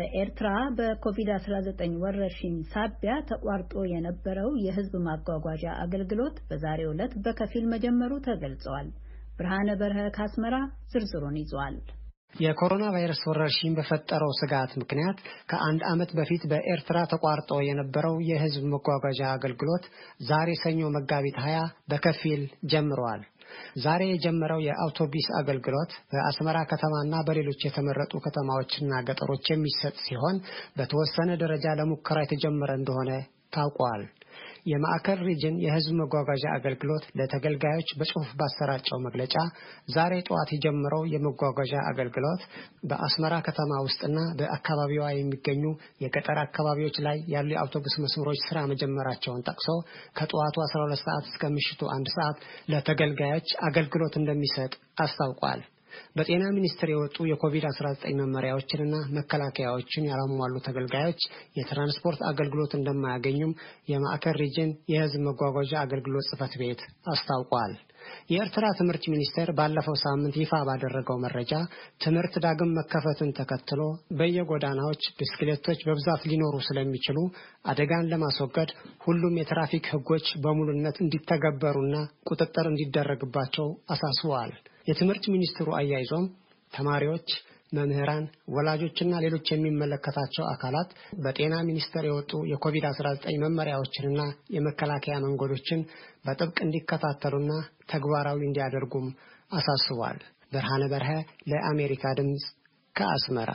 በኤርትራ በኮቪድ-19 ወረርሽኝ ሳቢያ ተቋርጦ የነበረው የሕዝብ ማጓጓዣ አገልግሎት በዛሬው ዕለት በከፊል መጀመሩ ተገልጿል። ብርሃነ በርሀ ከአስመራ ዝርዝሩን ይዟል። የኮሮና ቫይረስ ወረርሽኝ በፈጠረው ስጋት ምክንያት ከአንድ ዓመት በፊት በኤርትራ ተቋርጦ የነበረው የሕዝብ መጓጓዣ አገልግሎት ዛሬ ሰኞ መጋቢት ሀያ በከፊል ጀምረዋል። ዛሬ የጀመረው የአውቶቢስ አገልግሎት በአስመራ ከተማና በሌሎች የተመረጡ ከተማዎችና ገጠሮች የሚሰጥ ሲሆን በተወሰነ ደረጃ ለሙከራ የተጀመረ እንደሆነ ታውቋል። የማዕከል ሪጅን የህዝብ መጓጓዣ አገልግሎት ለተገልጋዮች በጽሁፍ ባሰራጨው መግለጫ ዛሬ ጠዋት የጀመረው የመጓጓዣ አገልግሎት በአስመራ ከተማ ውስጥና በአካባቢዋ የሚገኙ የገጠር አካባቢዎች ላይ ያሉ የአውቶቡስ መስመሮች ስራ መጀመራቸውን ጠቅሶ ከጠዋቱ 12 ሰዓት እስከ ምሽቱ አንድ ሰዓት ለተገልጋዮች አገልግሎት እንደሚሰጥ አስታውቋል። በጤና ሚኒስቴር የወጡ የኮቪድ-19 መመሪያዎችንና መከላከያዎችን ያላሟሉ ተገልጋዮች የትራንስፖርት አገልግሎት እንደማያገኙም የማዕከል ሪጅን የሕዝብ መጓጓዣ አገልግሎት ጽሕፈት ቤት አስታውቋል። የኤርትራ ትምህርት ሚኒስቴር ባለፈው ሳምንት ይፋ ባደረገው መረጃ ትምህርት ዳግም መከፈትን ተከትሎ በየጎዳናዎች ብስክሌቶች በብዛት ሊኖሩ ስለሚችሉ አደጋን ለማስወገድ ሁሉም የትራፊክ ሕጎች በሙሉነት እንዲተገበሩና ቁጥጥር እንዲደረግባቸው አሳስበዋል። የትምህርት ሚኒስትሩ አያይዞም ተማሪዎች፣ መምህራን፣ ወላጆችና ሌሎች የሚመለከታቸው አካላት በጤና ሚኒስቴር የወጡ የኮቪድ-19 መመሪያዎችንና የመከላከያ መንገዶችን በጥብቅ እንዲከታተሉና ተግባራዊ እንዲያደርጉም አሳስቧል። ብርሃነ በርሀ ለአሜሪካ ድምፅ ከአስመራ